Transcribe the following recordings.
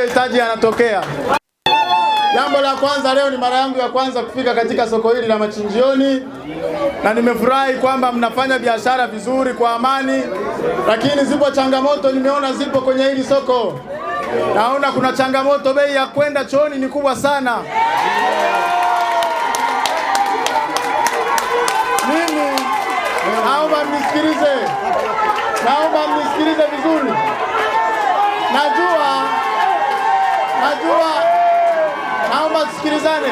anayohitaji yanatokea. Jambo la kwanza, leo ni mara yangu ya kwanza kufika katika soko hili la Machinjioni, na nimefurahi kwamba mnafanya biashara vizuri kwa amani, lakini zipo changamoto, nimeona zipo kwenye hili soko. Naona kuna changamoto, bei ya kwenda chooni ni kubwa sana. tusikilizane.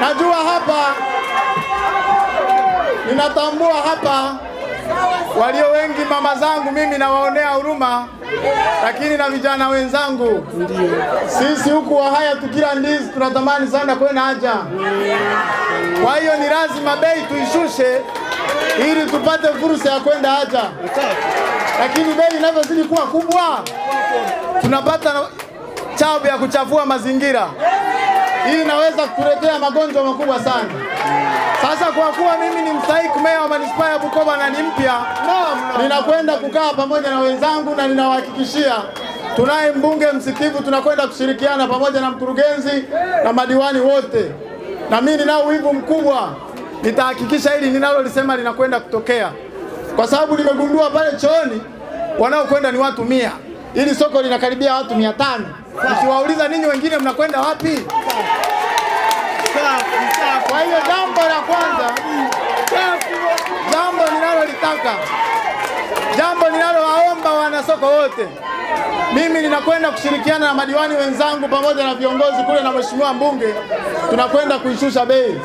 Najua hapa, ninatambua hapa walio wengi, mama zangu, mimi nawaonea huruma, lakini na vijana wenzangu, sisi huku Wahaya tukila ndizi tunatamani sana kwenda haja. Kwa hiyo ni lazima bei tuishushe ili tupate fursa ya kwenda haja, lakini bei inavyozidi kuwa kubwa tunapata chabu ya kuchafua mazingira hii inaweza kutuletea magonjwa makubwa sana. Sasa kwa kuwa mimi ni mstahiki meya wa manispaa ya Bukoba na ni mpya, ninakwenda kukaa pamoja na wenzangu na ninawahakikishia tunaye mbunge msikivu, tunakwenda kushirikiana pamoja na mkurugenzi na madiwani wote, na mimi ninao wivu mkubwa, nitahakikisha hili ninalolisema linakwenda kutokea, kwa sababu nimegundua pale chooni wanaokwenda ni watu mia, ili soko linakaribia watu mia tano ukiwauliza ninyi wengine mnakwenda wapi? Kwa hiyo jambo la kwanza, jambo ninalolitaka, jambo ninalowaomba wanasoko wote, mimi ninakwenda kushirikiana na madiwani wenzangu pamoja na viongozi kule na mheshimiwa mbunge, tunakwenda kuishusha bei,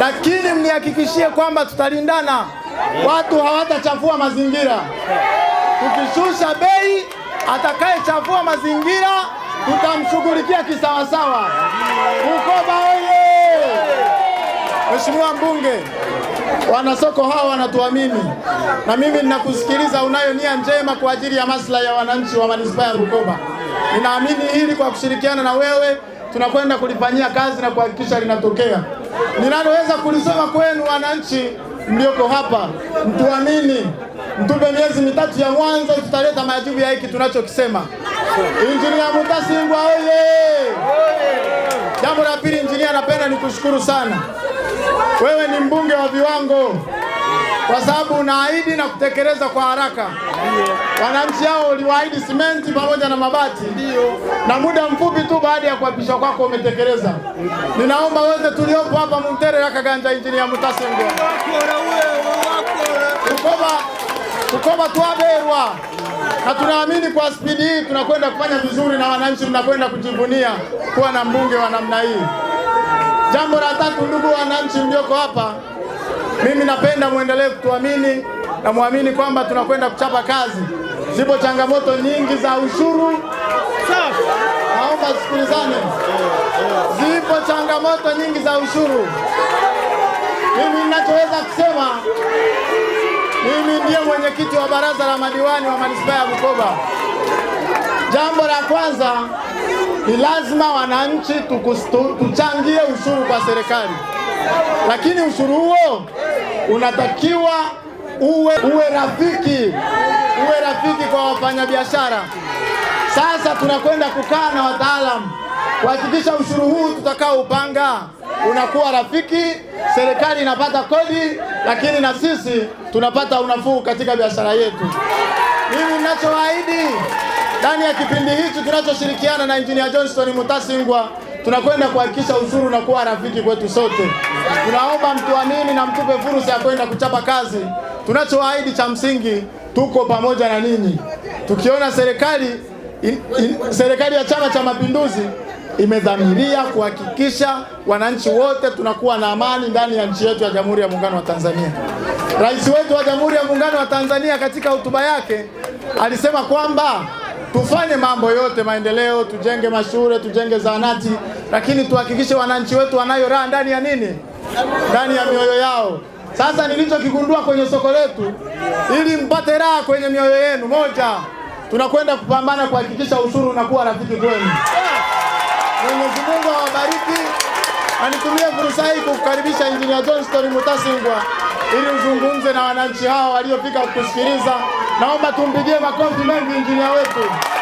lakini mnihakikishie kwamba tutalindana, watu hawatachafua mazingira. Tukishusha bei, atakayechafua mazingira tutamshughulikia kisawasawa. Bukoba oye! Mheshimiwa Mbunge, wanasoko hawa wanatuamini, na mimi ninakusikiliza. Unayo nia njema kwa ajili ya maslahi ya wananchi wa manispaa ya Bukoba. Ninaamini hili, kwa kushirikiana na wewe tunakwenda kulifanyia kazi na kuhakikisha linatokea. Ninaloweza kulisoma kwenu wananchi mlioko hapa, mtuamini, mtupe miezi mitatu ya mwanzo, tutaleta majibu ya hiki tunachokisema. Injinia Mutasingwa oye! Jambo la pili, injinia, napenda nikushukuru sana. Wewe ni mbunge wa viwango kwa sababu unaahidi na kutekeleza kwa haraka. Wananchi hao uliwaahidi simenti pamoja na mabati, na muda mfupi tu baada ya kuapishwa kwako umetekeleza. Ninaomba wote tuliopo hapa mumtere akaganja injinia Mutasingwa Bukoba Bukoba twaberwa, na tunaamini kwa spidi hii tunakwenda kufanya vizuri na wananchi mnakwenda kujivunia kuwa na mbunge wa namna hii. Jambo la tatu, ndugu wananchi mlioko hapa, mimi napenda mwendelee kutuamini na muamini kwamba tunakwenda kuchapa kazi. Zipo changamoto nyingi za ushuru, naomba tusikilizane. Zipo changamoto nyingi za ushuru, mimi ninachoweza kusema mimi ndiye mwenyekiti wa baraza la madiwani wa manispaa ya Bukoba. Jambo la kwanza ni lazima wananchi tuchangie ushuru kwa serikali, lakini ushuru huo unatakiwa uwe, uwe rafiki uwe rafiki kwa wafanyabiashara. Sasa tunakwenda kukaa na wataalamu kuhakikisha ushuru huu tutakao upanga unakuwa rafiki, serikali inapata kodi lakini na sisi tunapata unafuu katika biashara yetu. Mimi ninachoahidi ndani ya kipindi hichi tunachoshirikiana na Injinia Johnston Mutasingwa, tunakwenda kuhakikisha ushuru na kuwa rafiki kwetu sote. Tunaomba mtuamini na mtupe fursa ya kwenda kuchapa kazi. Tunachoahidi cha msingi, tuko pamoja na ninyi. Tukiona serikali serikali ya Chama cha Mapinduzi imedhamiria kuhakikisha wananchi wote tunakuwa na amani ndani ya nchi yetu ya Jamhuri ya Muungano wa Tanzania. Rais wetu wa Jamhuri ya Muungano wa Tanzania katika hotuba yake alisema kwamba tufanye mambo yote maendeleo, tujenge mashule, tujenge zahanati, lakini tuhakikishe wananchi wetu wanayo raha ndani ya nini, ndani ya mioyo yao. Sasa nilichokigundua kwenye soko letu, ili mpate raha kwenye mioyo yenu, moja, tunakwenda kupambana kuhakikisha ushuru unakuwa rafiki kwenu. Mwenyezi Mungu awabariki. Anitumie fursa hii kukukaribisha Injinia Johnston Mutasingwa ili uzungumze na wananchi hao waliofika kukusikiliza. Naomba tumpigie makofi mengi injinia wetu.